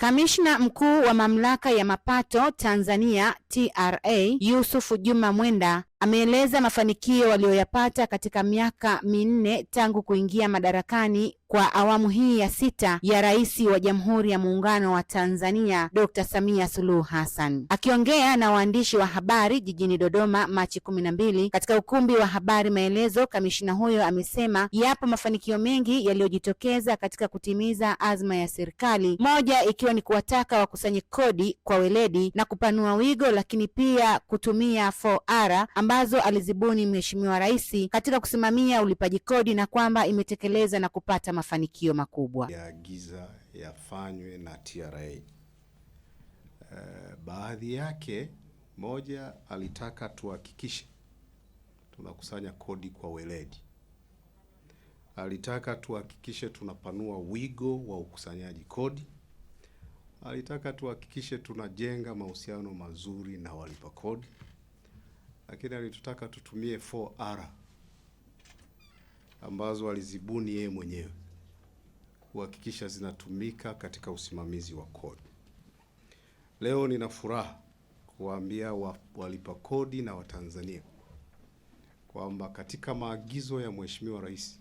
Kamishna mkuu wa mamlaka ya mapato Tanzania TRA Yusufu Juma Mwenda Ameeleza mafanikio waliyoyapata katika miaka minne tangu kuingia madarakani kwa awamu hii ya sita ya Rais wa Jamhuri ya Muungano wa Tanzania Dr. Samia Suluhu Hassan. Akiongea na waandishi wa habari jijini Dodoma Machi kumi na mbili katika ukumbi wa habari Maelezo, kamishina huyo amesema yapo mafanikio mengi yaliyojitokeza katika kutimiza azma ya serikali, moja ikiwa ni kuwataka wakusanye kodi kwa weledi na kupanua wigo, lakini pia kutumia 4R ambazo alizibuni Mheshimiwa Rais katika kusimamia ulipaji kodi na kwamba imetekeleza na kupata mafanikio makubwa. Yaagiza yafanywe na TRA. Uh, eh, baadhi yake, moja alitaka tuhakikishe tunakusanya kodi kwa weledi. Alitaka tuhakikishe tunapanua wigo wa ukusanyaji kodi. Alitaka tuhakikishe tunajenga mahusiano mazuri na walipa kodi lakini alitutaka tutumie 4R ambazo alizibuni yeye mwenyewe kuhakikisha zinatumika katika usimamizi wa kodi. Leo nina furaha kuwaambia walipa kodi na Watanzania kwamba katika maagizo ya Mheshimiwa Rais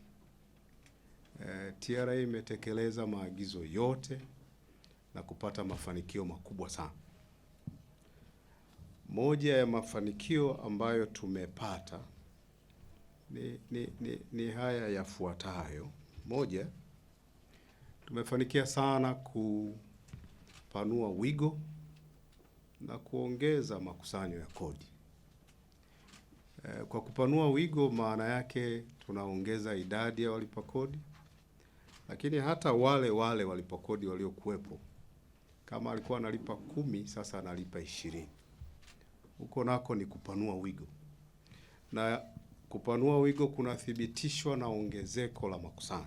eh, TRA imetekeleza maagizo yote na kupata mafanikio makubwa sana. Moja ya mafanikio ambayo tumepata ni, ni, ni, ni haya yafuatayo. Moja, tumefanikia sana kupanua wigo na kuongeza makusanyo ya kodi. Eh, kwa kupanua wigo, maana yake tunaongeza idadi ya walipa kodi, lakini hata wale wale walipa kodi waliokuwepo, kama alikuwa analipa kumi, sasa analipa ishirini huko nako ni kupanua wigo, na kupanua wigo kunathibitishwa na ongezeko la makusanyo.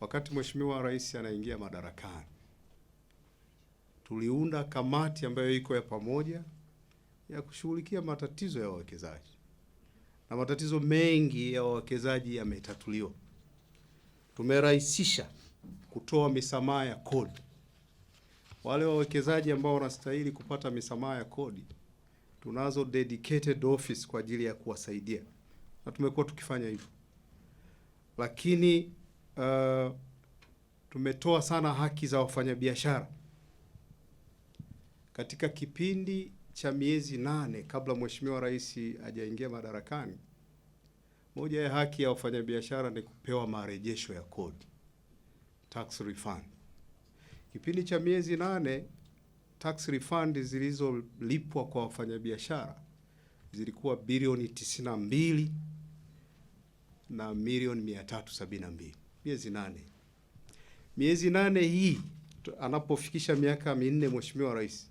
Wakati Mheshimiwa Rais anaingia madarakani, tuliunda kamati ambayo iko ya pamoja ya kushughulikia matatizo ya wawekezaji, na matatizo mengi ya wawekezaji yametatuliwa. Tumerahisisha kutoa misamaha ya kodi wale wawekezaji ambao wanastahili kupata misamaha ya kodi, tunazo dedicated office kwa ajili ya kuwasaidia na tumekuwa tukifanya hivyo, lakini uh, tumetoa sana haki za wafanyabiashara katika kipindi cha miezi nane kabla Mheshimiwa Rais hajaingia madarakani. Moja ya haki ya wafanyabiashara ni kupewa marejesho ya kodi, tax refund. Kipindi cha miezi nane tax refund zilizolipwa kwa wafanyabiashara zilikuwa bilioni 92 na milioni 372, miezi nane. Miezi nane hii anapofikisha miaka minne Mheshimiwa Rais,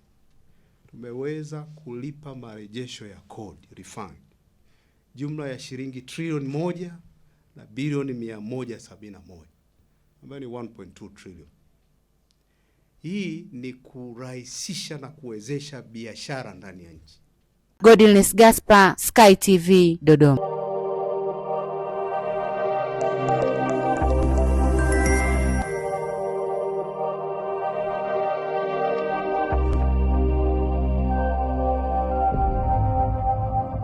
tumeweza kulipa marejesho ya kodi refund jumla ya shilingi trilioni moja na bilioni 171 ambayo ni 1.2 trilioni. Hii ni kurahisisha na kuwezesha biashara ndani ya nchi. Godiness Gaspar, Sky TV, Dodoma.